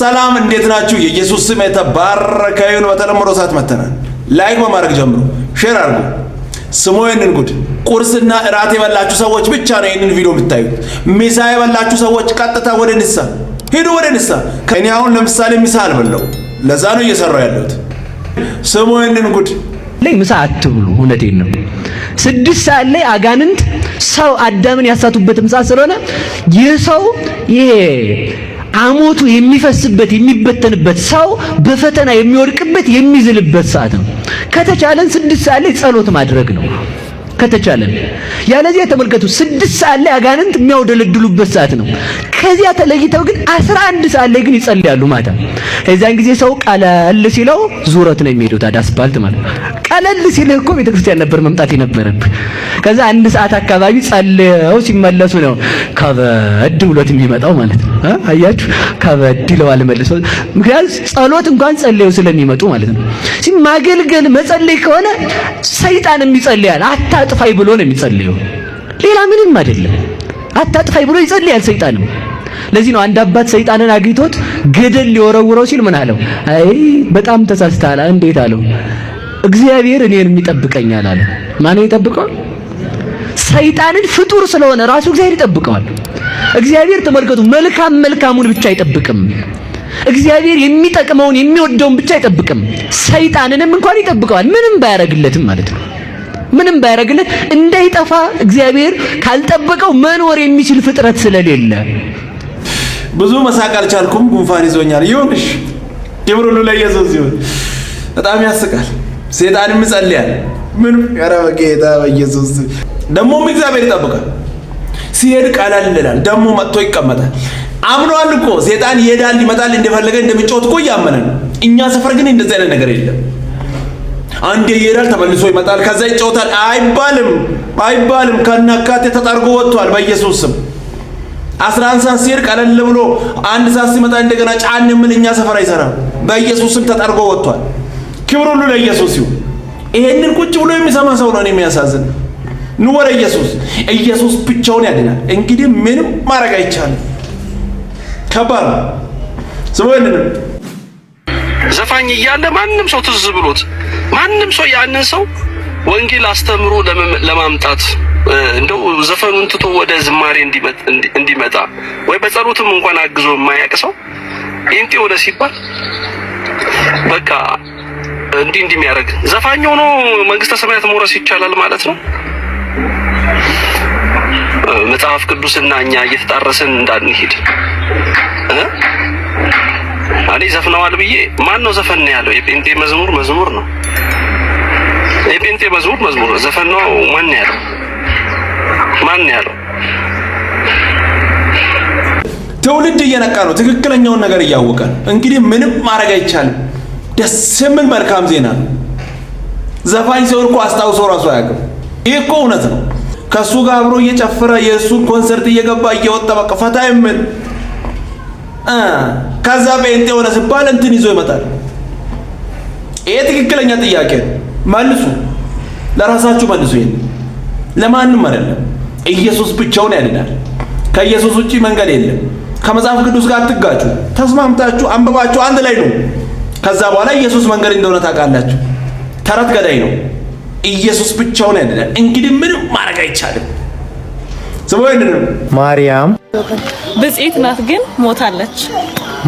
ሰላም እንዴት ናችሁ? የኢየሱስ ስም የተባረከ ይሁን። በተለምዶ ሰዓት መተናል። ላይክ በማድረግ ጀምሮ ሼር አድርጉ። ስሙ ይህንን ጉድ። ቁርስና እራት የበላችሁ ሰዎች ብቻ ነው ይህንን ቪዲዮ የምታዩት። ሚሳ የበላችሁ ሰዎች ቀጥታ ወደ ንሳ ሂዱ፣ ወደ ንሳ። እኔ አሁን ለምሳሌ ሚሳ አልበለው፣ ለዛ ነው እየሰራው ያለሁት። ስሙ ይህንን ጉድ። ላይ ምሳ አትብሉ። እውነቴን ነው። ስድስት ሰዓት ላይ አጋንንት ሰው አዳምን ያሳቱበት ምሳ ስለሆነ ይህ ሰው ይሄ አሞቱ የሚፈስበት የሚበተንበት ሰው በፈተና የሚወድቅበት የሚዝልበት ሰዓት ነው። ከተቻለን ስድስት ሰዓት ላይ ጸሎት ማድረግ ነው። ከተቻለን ያለዚያ ተመልከቱ፣ ስድስት ሰዓት ላይ አጋንንት የሚያውደለድሉበት ሰዓት ነው። ከዚያ ተለይተው ግን አስራ አንድ ሰዓት ላይ ግን ይጸልያሉ ማታ። እዚያን ጊዜ ሰው ቀለል ሲለው ዙረት ነው የሚሄዱት፣ ታዲያ ማለት ቀለል ሲልህ እኮ ቤተክርስቲያን ነበር መምጣት የነበረብህ። ከዛ አንድ ሰዓት አካባቢ ጸልየው ሲመለሱ ነው ከበድ ብሎት የሚመጣው ማለት ነው። አያችሁ፣ ከበድለው ይለዋል ምክንያቱም ጸሎት እንኳን ጸልየው ስለሚመጡ ማለት ነው። ማገልገል መጸለይ ከሆነ ሰይጣንም ይጸልያል። አታጥፋይ ብሎ ነው የሚጸልየው፣ ሌላ ምንም አይደለም። አታጥፋይ ብሎ ይጸልያል ሰይጣንም። ለዚህ ነው አንድ አባት ሰይጣንን አግኝቶት ገደል ሊወረውረው ሲል ምን አለው? አይ በጣም ተሳስተሃል። እንዴት አለው? እግዚአብሔር እኔን የሚጠብቀኛል አለ። ማን ይጠብቀዋል? ሰይጣንን ፍጡር ስለሆነ ራሱ እግዚአብሔር ይጠብቀዋል። እግዚአብሔር ተመልከቱ፣ መልካም መልካሙን ብቻ አይጠብቅም። እግዚአብሔር የሚጠቅመውን የሚወደውን ብቻ አይጠብቅም። ሰይጣንንም እንኳን ይጠብቀዋል፣ ምንም ባያረግለትም ማለት ነው። ምንም ባያረግለት እንዳይጠፋ እግዚአብሔር ካልጠበቀው መኖር የሚችል ፍጥረት ስለሌለ ብዙ መሳቅ አልቻልኩም። ጉንፋን ይዞኛል። ይሁንሽ ክብር ሁሉ ለኢየሱስ ይሁን። በጣም ያስቃል። ሰይጣንም ይጸልያል። ምንም ኧረ በጌታ በኢየሱስ ደግሞም እግዚአብሔር ይጠብቃል። ሲሄድ ቀለል ይላል። ደግሞ መጥቶ ይቀመጣል። አምኗል እኮ ሴጣን ይሄዳል ይመጣል፣ እንደፈለገ እንደሚጫወት እኮ እያመነ ነው። እኛ ሰፈር ግን እንደዚህ አይነት ነገር የለም። አንዴ ይሄዳል ተመልሶ ይመጣል፣ ከዛ ይጫወታል አይባልም፣ አይባልም። ከናካቴ ተጠርጎ ወጥቷል። በኢየሱስ ስም አስራ አንድ ሰዓት ሲሄድ ቀለል ብሎ አንድ ሰዓት ሲመጣ እንደገና ጫን ምን እኛ ሰፈር አይሰራም። በኢየሱስ ስም ተጠርጎ ወጥቷል። ክብር ሁሉ ለኢየሱስ ይሁን። ይሄንን ቁጭ ብሎ የሚሰማ ሰው ነው የሚያሳዝን ኑ ወደ ኢየሱስ። ኢየሱስ ብቻውን ያድናል። እንግዲህ ምንም ማድረግ አይቻልም። ከባድ ነው። ስወንንም ዘፋኝ እያለ ማንም ሰው ትዝ ብሎት ማንም ሰው ያንን ሰው ወንጌል አስተምሮ ለማምጣት እንደው ዘፈኑን ትቶ ወደ ዝማሬ እንዲመጣ ወይ በጸሎትም እንኳን አግዞ የማያውቅ ሰው ጴንጤ ሆነ ሲባል በቃ እንዲህ እንዲህ የሚያደርግ ዘፋኝ ሆኖ መንግስተ ሰማያት መውረስ ይቻላል ማለት ነው። መጽሐፍ ቅዱስና እኛ እየተጣረስን እንዳንሄድ እኔ ዘፍነዋል ብዬ ማን ነው ዘፈን ያለው? የጴንጤ መዝሙር መዝሙር ነው። የጴንጤ መዝሙር መዝሙር ነው። ማን ያለው? ማን ያለው? ትውልድ እየነቃ ነው። ትክክለኛውን ነገር እያወቀ እንግዲህ ምንም ማድረግ አይቻልም። ደስ የሚል መልካም ዜና ነው። ዘፋኝ ሰው እኮ አስታውሶ ራሱ አያውቅም። ይህ እኮ እውነት ነው። ከሱ ጋር አብሮ እየጨፈረ የእሱን ኮንሰርት እየገባ እየወጣ በቃ ፈታ የምል ከዛ ጴንጤ የሆነ ሲባል እንትን ይዞ ይመጣል። ይሄ ትክክለኛ ጥያቄ ነው። መልሱ ለራሳችሁ መልሱ። ይሄን ለማንም አይደለም። ኢየሱስ ብቻውን ያድናል። ከኢየሱስ ውጪ መንገድ የለም። ከመጽሐፍ ቅዱስ ጋር አትጋጩ። ተስማምታችሁ አንብባችሁ አንድ ላይ ነው። ከዛ በኋላ ኢየሱስ መንገድ እንደሆነ ታውቃላችሁ። ተረት ገዳይ ነው። ኢየሱስ ብቻውን ያድናል። እንግዲህ ምንም ማድረግ አይቻልም። ስሙ ነው ማርያም ብጽዕት ናት፣ ግን ሞታለች።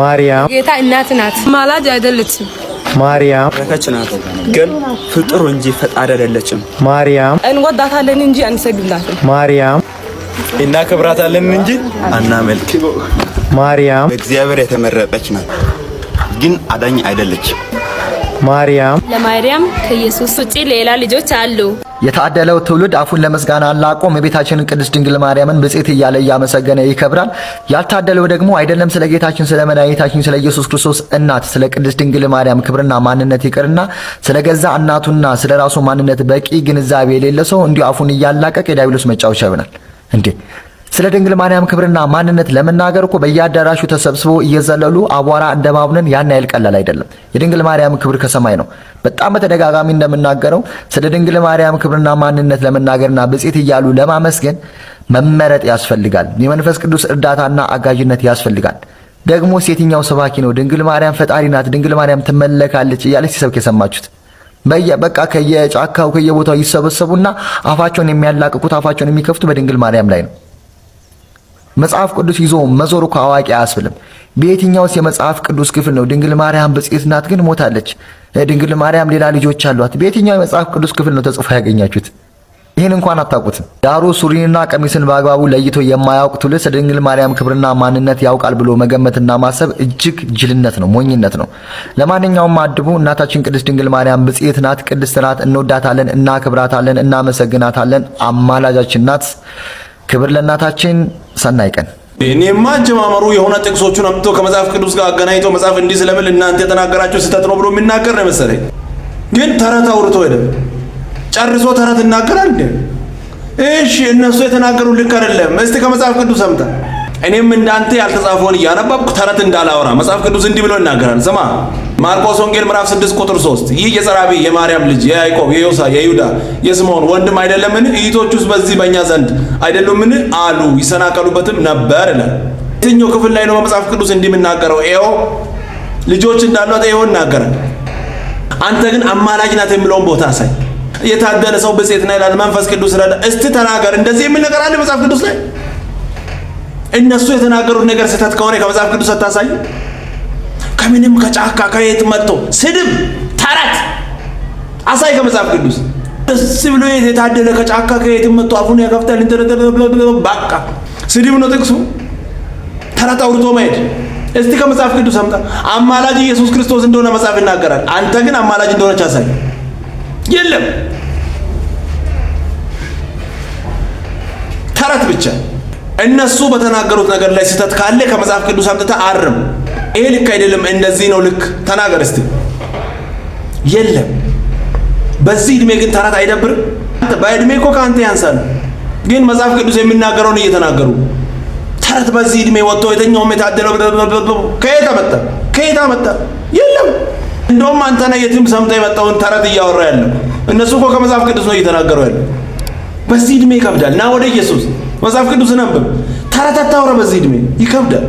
ማርያም ጌታ እናት ናት፣ ማላጅ አይደለችም። ማርያም ረከች ናት፣ ግን ፍጡር እንጂ ፈጣሪ አይደለችም። ማርያም እንወዳታለን እንጂ አንሰግድላትም። ማርያም እናከብራታለን እንጂ አናመልክ። ማርያም በእግዚአብሔር የተመረጠች ናት፣ ግን አዳኝ አይደለችም። ማርያም ለማርያም ከኢየሱስ ውጪ ሌላ ልጆች አሉ። የታደለው ትውልድ አፉን ለመስጋና አላቆም። የቤታችንን ቅድስት ድንግል ማርያምን ብጽዕት እያለ እያመሰገነ ይከብራል። ያልታደለው ደግሞ አይደለም ስለ ጌታችን ስለ መድኃኒታችን ስለ ኢየሱስ ክርስቶስ እናት ስለ ቅድስት ድንግል ማርያም ክብርና ማንነት ይቅርና ስለ ገዛ እናቱና ስለ ራሱ ማንነት በቂ ግንዛቤ የሌለ ሰው እንዲሁ አፉን እያላቀቅ የዲያብሎስ መጫወቻ ይሆናል እንዴ! ስለ ድንግል ማርያም ክብርና ማንነት ለመናገር እኮ በየአዳራሹ ተሰብስቦ እየዘለሉ አቧራ እንደማቡነን ያን ያህል ቀላል አይደለም። የድንግል ማርያም ክብር ከሰማይ ነው። በጣም በተደጋጋሚ እንደምናገረው ስለ ድንግል ማርያም ክብርና ማንነት ለመናገርና ብጽዕት እያሉ ለማመስገን መመረጥ ያስፈልጋል። የመንፈስ ቅዱስ እርዳታና አጋዥነት ያስፈልጋል። ደግሞ የትኛው ሰባኪ ነው ድንግል ማርያም ፈጣሪ ናት፣ ድንግል ማርያም ትመለካለች እያለች ሲሰብክ የሰማችሁት? በቃ ከየጫካው ከየቦታው ይሰበሰቡና አፋቸውን የሚያላቅቁት አፋቸውን የሚከፍቱ በድንግል ማርያም ላይ ነው። መጽሐፍ ቅዱስ ይዞ መዞር እኮ አዋቂ አያስብልም። በየትኛውስ የመጽሐፍ ቅዱስ ክፍል ነው ድንግል ማርያም ብፅዕት ናት ግን ሞታለች፣ ድንግል ማርያም ሌላ ልጆች አሏት? በየትኛው የመጽሐፍ ቅዱስ ክፍል ነው ተጽፎ ያገኛችሁት? ይህን እንኳን አታውቁትም። ዳሩ ሱሪንና ቀሚስን በአግባቡ ለይቶ የማያውቅ ትውልድ ድንግል ማርያም ክብርና ማንነት ያውቃል ብሎ መገመትና ማሰብ እጅግ ጅልነት ነው፣ ሞኝነት ነው። ለማንኛውም አድቡ እናታችን ቅድስት ድንግል ማርያም ብፅዕት ናት፣ ቅድስት ናት፣ እንወዳታለን፣ እናክብራታለን፣ እናመሰግናታለን። አማላጃችን ናት። ክብር ለእናታችን። ሰናይ ቀን። እኔማ አጀማመሩ የሆነ ጥቅሶቹን አምጥቶ ከመጽሐፍ ቅዱስ ጋር አገናኝቶ መጽሐፍ እንዲህ ስለምል እናንተ የተናገራችሁ ስህተት ነው ብሎ የሚናገር ነው መሰለኝ። ግን ተረት አውርቶ ሄደ። ጨርሶ ተረት እናገራል። እሺ እነሱ የተናገሩ ልክ አይደለም። እስቲ ከመጽሐፍ ቅዱስ ሰምታ እኔም እንዳንተ ያልተጻፈውን እያነበብኩ ተረት እንዳላወራ መጽሐፍ ቅዱስ እንዲህ ብሎ ይናገራል። ስማ ማርቆስ ወንጌል ምዕራፍ 6 ቁጥር 3 ይህ የጸራቢ የማርያም ልጅ የያዕቆብ የዮሳ የይሁዳ የስምዖን ወንድም አይደለምን? እህቶቹስ በዚህ በእኛ ዘንድ አይደሉምን? አሉ ይሰናከሉበትም ነበር ይላል። የትኛው ክፍል ላይ ነው በመጽሐፍ ቅዱስ እንዲህ የምናገረው? ኤዮ ልጆች እንዳሏት ኤዎ ይናገራል። አንተ ግን አማላጅ ናት የሚለውን ቦታ ሳይ የታደለ ሰው ብጽዕት ነው ይላል። መንፈስ ቅዱስ ረዳ። እስቲ ተናገር። እንደዚህ የሚል ነገር አለ መጽሐፍ ቅዱስ ላይ እነሱ የተናገሩት ነገር ስህተት ከሆነ ከመጽሐፍ ቅዱስ አታሳዩ። ከምንም ከጫካ ከየት መጥቶ ስድብ፣ ተረት አሳይ ከመጽሐፍ ቅዱስ። ደስ ብሎ የት የታደለ ከጫካ ከየት መጥቶ አፉን ያከፍታል። በቃ ስድብ ነው ጥቅሱ። ተረት አውርቶ መሄድ እስቲ ከመጽሐፍ ቅዱስ አምጣ። አማላጅ ኢየሱስ ክርስቶስ እንደሆነ መጽሐፍ ይናገራል። አንተ ግን አማላጅ እንደሆነች አሳይ። የለም ተረት ብቻ እነሱ በተናገሩት ነገር ላይ ስህተት ካለ ከመጽሐፍ ቅዱስ አምጥተህ አርም። ይሄ ልክ አይደለም፣ እንደዚህ ነው ልክ ተናገር እስቲ። የለም። በዚህ እድሜ ግን ተረት አይደብርም። በእድሜ እኮ ከአንተ ያንሳል፣ ግን መጽሐፍ ቅዱስ የሚናገረውን እየተናገሩ ተረት በዚህ እድሜ ወጥቶ የተኛውም የታደለው ከየት መጣ? ከየት መጣ? የለም። እንደውም አንተ ነህ የትም ሰምተህ የመጣውን ተረት እያወራ ያለው። እነሱ እኮ ከመጽሐፍ ቅዱስ ነው እየተናገሩ ያለው። በዚህ እድሜ ይከብዳል። ና ወደ ኢየሱስ መጽሐፍ ቅዱስ ነበር ተረት በዚህ እድሜ ይከብዳል።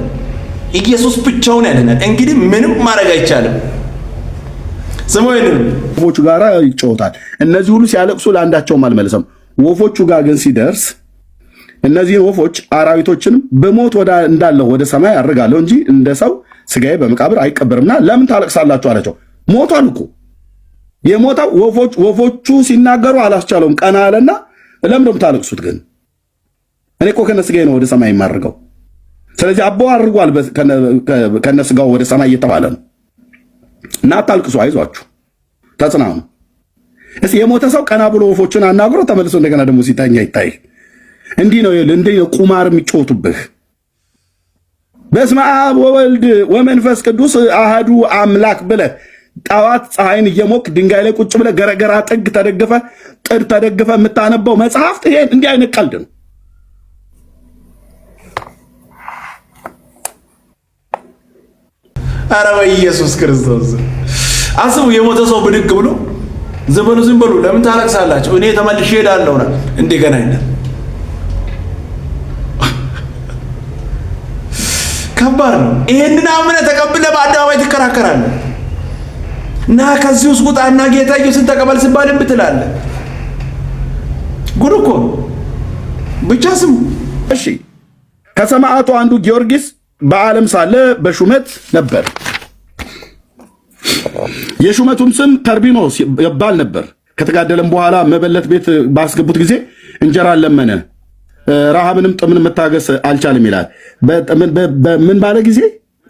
ኢየሱስ ብቻውን ያድናል። እንግዲህ ምንም ማድረግ አይቻልም። ወፎቹ ጋር ይጫወታል። እነዚህ ሁሉ ሲያለቅሱ ለአንዳቸውም አልመለሰም። ወፎቹ ጋር ግን ሲደርስ እነዚህን ወፎች አራዊቶችንም በሞት እንዳለው ወደ ሰማይ አድርጋለሁ እንጂ እንደ ሰው ስጋዬ በመቃብር አይቀበርምና ለምን ታለቅሳላችሁ አላቸው። ሞቷል እኮ የሞታው ወፎቹ ሲናገሩ አላስቻለውም። ቀና አለና ለምን ታለቅሱት ግን እኔ እኮ ከነ ስጋዬ ነው ወደ ሰማይ የማደርገው። ስለዚህ አቦ አድርጓል ከነ ስጋው ወደ ሰማይ እየተባለ ነው። እና አታልቅሱ፣ አይዟችሁ፣ ተጽናኑ። እስኪ የሞተ ሰው ቀና ብሎ ወፎችን አናግሮ ተመልሶ እንደገና ደግሞ ሲተኛ ይታይ። እንዲህ ነው እንዲህ ነው ቁማር የሚጫወቱብህ። በስመ አብ ወወልድ ወመንፈስ ቅዱስ አሃዱ አምላክ ብለህ ጠዋት ፀሐይን እየሞክ ድንጋይ ላይ ቁጭ ብለህ ገረገራ ጥግ ተደግፈ ጥድ ተደግፈ የምታነበው መጽሐፍት ይሄን እንዲህ አይነት ቀልድ ነው። ኧረ በኢየሱስ ክርስቶስ አስቡ። የሞተ ሰው ብድግ ብሎ ዘመኑ ዝም ብሎ ለምን ታለቅሳላችሁ? እኔ ተመልሼ እሄዳለሁ ነው እንደገና ይላል። ከባድ ነው። ይሄንን አምነህ ተቀብለህ በአደባባይ ትከራከራለህ። ና ከዚህ ውስጥ ውጣና ጌታ ኢየሱስን ተቀበል ሲባል እምቢ ትላለህ። ጉድ እኮ ብቻ ስሙ። እሺ ከሰማዕቱ አንዱ ጊዮርጊስ በዓለም ሳለ በሹመት ነበር። የሹመቱም ስም ተርቢኖስ ይባል ነበር። ከተጋደለም በኋላ መበለት ቤት ባስገቡት ጊዜ እንጀራ ለመነ፣ ረሃብንም ጥምን መታገስ አልቻልም ይላል። በምን ባለ ጊዜ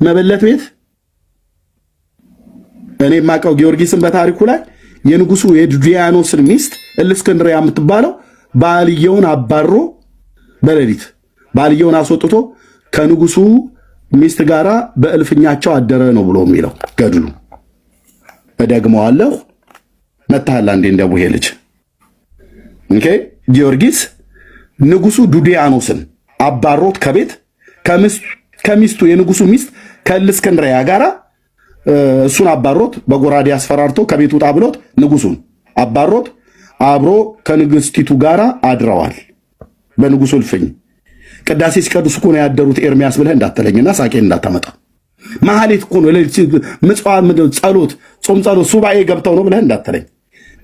መበለት ቤት እኔ የማውቀው ጊዮርጊስን በታሪኩ ላይ የንጉሱ የዱዲያኖስን ሚስት እልስክንድሪያ የምትባለው ባልየውን አባሮ በሌሊት ባልየውን አስወጥቶ ከንጉሱ ሚስት ጋራ በእልፍኛቸው አደረ ነው ብሎ የሚለው ገድሉ። እደግመዋለሁ። መታህላ እንዴ እንደቡሄ ልጅ ኦኬ። ጊዮርጊስ ንጉሱ ዱዲያኖስን አባሮት ከቤት ከሚስቱ የንጉሱ ሚስት ከእስክንድርያ ጋራ እሱን አባሮት በጎራዴ አስፈራርቶ ከቤት ውጣ ብሎት ንጉሱን አባሮት አብሮ ከንግስቲቱ ጋር አድረዋል። በንጉሱ እልፍኝ ቅዳሴ ሲቀድሱ እኮ ነው ያደሩት። ኤርሚያስ ብለህ እንዳትለኝና ሳቄን እንዳታመጣ መሐሌት እኮ ነው ጸሎት ጾም ጸሎት ሱባኤ ገብተው ነው ብለህ እንዳትለኝ።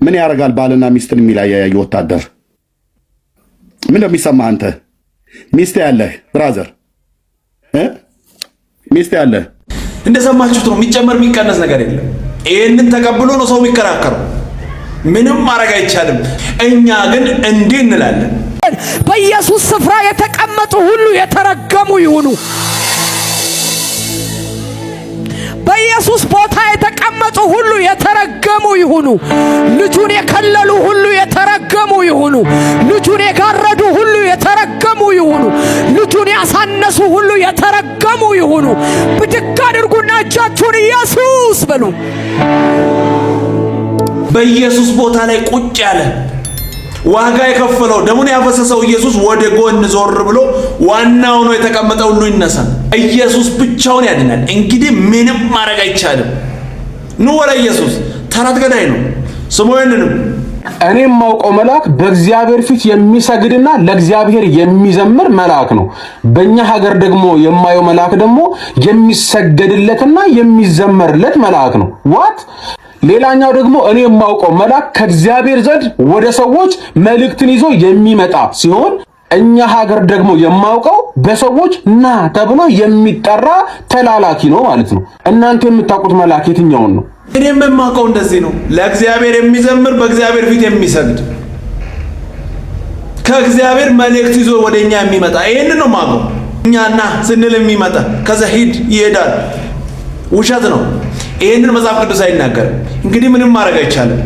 ምን ያደርጋል ባልና ሚስትን የሚለያይ ወታደር? ምን የሚሰማ አንተ ሚስት ያለህ ብራዘር ሚስት ያለህ እንደሰማችሁት ነው። የሚጨመር የሚቀነስ ነገር የለም። ይህንን ተቀብሎ ነው ሰው የሚከራከረው። ምንም ማድረግ አይቻልም። እኛ ግን እንዲህ እንላለን፣ በኢየሱስ ስፍራ የተቀመጡ ሁሉ የተረገሙ ይሁኑ። በኢየሱስ ቦታ የተቀመጡ ሁሉ የተረገሙ ይሁኑ። ልጁን የከለሉ ሁሉ የተረገሙ ይሁኑ። ልጁን የጋረዱ ሁሉ የተረገሙ ይሁኑ። ልጁን ያሳነሱ ሁሉ የተረገሙ ይሁኑ። ብድግ አድርጉና እጃችሁን ኢየሱስ በሉ። በኢየሱስ ቦታ ላይ ቁጭ ያለ ዋጋ የከፈለው ደሙን ያፈሰሰው ኢየሱስ ወደ ጎን ዞር ብሎ ዋናው ነው የተቀመጠ ሁሉ ይነሳል። ኢየሱስ ብቻውን ያድናል። እንግዲህ ምንም ማድረግ አይቻልም። ኑ ወደ ኢየሱስ። ተረት ገዳይ ነው ስሙ። ይህንንም እኔም ማውቀው መልአክ በእግዚአብሔር ፊት የሚሰግድና ለእግዚአብሔር የሚዘምር መልአክ ነው። በእኛ ሀገር ደግሞ የማየው መልአክ ደግሞ የሚሰገድለትና የሚዘመርለት መልአክ ነው። ዋት ሌላኛው ደግሞ እኔ የማውቀው መልአክ ከእግዚአብሔር ዘንድ ወደ ሰዎች መልእክትን ይዞ የሚመጣ ሲሆን እኛ ሀገር ደግሞ የማውቀው በሰዎች ና ተብሎ የሚጠራ ተላላኪ ነው ማለት ነው። እናንተ የምታውቁት መልአክ የትኛውን ነው? እኔም የማውቀው እንደዚህ ነው። ለእግዚአብሔር የሚዘምር በእግዚአብሔር ፊት የሚሰግድ ከእግዚአብሔር መልእክት ይዞ ወደ እኛ የሚመጣ ይህን ነው የማውቀው። እኛና ስንል የሚመጣ ከዛ ሂድ ይሄዳል። ውሸት ነው። ይህንን መጽሐፍ ቅዱስ አይናገርም። እንግዲህ ምንም ማድረግ አይቻልም።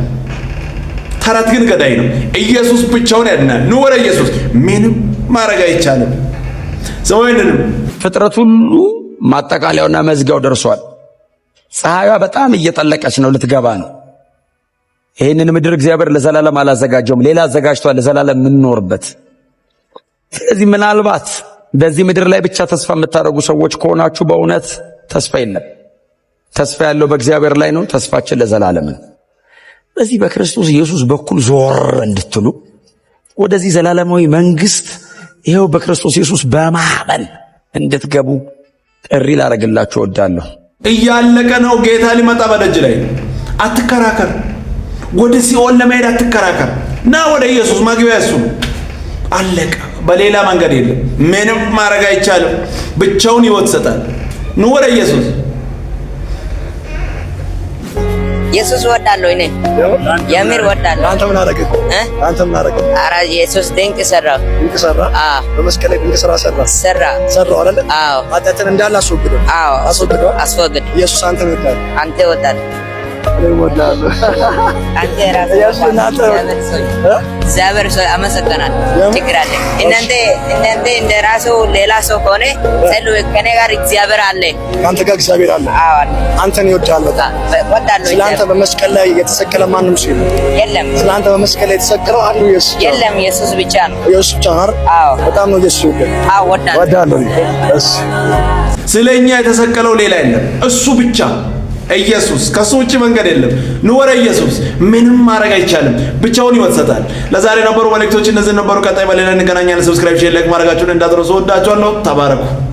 ተረት ግን ገዳይ ነው። ኢየሱስ ብቻውን ያድናል። ኑ ወደ ኢየሱስ። ምንም ማድረግ አይቻልም። ሰው አይደለም። ፍጥረት ሁሉ ማጠቃለያውና መዝጊያው ደርሷል። ፀሐይዋ በጣም እየጠለቀች ነው፣ ልትገባ ነው። ይህንን ምድር እግዚአብሔር ለዘላለም አላዘጋጀውም። ሌላ አዘጋጅቷል፣ ለዘላለም የምንኖርበት። ስለዚህ ምናልባት በዚህ ምድር ላይ ብቻ ተስፋ የምታደርጉ ሰዎች ከሆናችሁ በእውነት ተስፋ የለም። ተስፋ ያለው በእግዚአብሔር ላይ ነው። ተስፋችን ለዘላለም ነው። በዚህ በክርስቶስ ኢየሱስ በኩል ዞር እንድትሉ ወደዚህ ዘላለማዊ መንግስት ይኸው በክርስቶስ ኢየሱስ በማመን እንድትገቡ ጥሪ ላደርግላችሁ እወዳለሁ። እያለቀ ነው። ጌታ ሊመጣ በደጅ ላይ። አትከራከር። ወደ ሲኦል ለመሄድ አትከራከር። ና ወደ ኢየሱስ። መግቢያ እሱ ነው። አለቀ። በሌላ መንገድ የለም። ምንም ማድረግ አይቻልም። ብቻውን ይወት ይሰጣል። ኑ ወደ ኢየሱስ። ኢየሱስ ወዳለሁ እኔ የምር ወዳለሁ። አንተ ምን አደረግህ? አንተ ምን አደረግህ? ኧረ ኢየሱስ ድንቅ ሰራ፣ ድንቅ ሰራ። አዎ በመስቀል ላይ ድንቅ ሰራ ሰራ ሰራ ሰራ አይደል? አዎ ኃጢአትን እንዳለ አስወግደው። አዎ አስወግደው፣ አስወግድ። ኢየሱስ አንተ ወዳለህ፣ አንተ ወዳለህ እግዚአብሔር ሰው ችግር አለ እናንተ እናንተ እንደ ራሱ ሌላ ሰው ከሆነ ጸሎ ከኔ ጋር እግዚአብሔር አለ፣ አንተ ጋር እግዚአብሔር አለ። አንተን ይወዳል ስለአንተ በመስቀል ላይ የተሰቀለ ማንም የለም። ስለአንተ በመስቀል ላይ የተሰቀለው አንዱ ኢየሱስ የለም፣ ኢየሱስ ብቻ ነው። ኢየሱስ ብቻ ነው። አዎ፣ በጣም ነው ኢየሱስ አዎ፣ ወዳለሁ። ስለኛ የተሰቀለው ሌላ የለም፣ እሱ ብቻ ኢየሱስ ከሱ ውጭ መንገድ የለም። ኑ ወደ ኢየሱስ። ምንም ማድረግ አይቻልም። ብቻውን ሕይወት ለዛሬ ነበሩ መልእክቶች እነዚህ ነበሩ። ቀጣይ በሌላ እንገናኛለን። ሰብስክራይብ፣ ሼር፣ ላይክ ማድረጋችሁን እንዳትረሱ። ወዳችኋለሁ። ተባረኩ።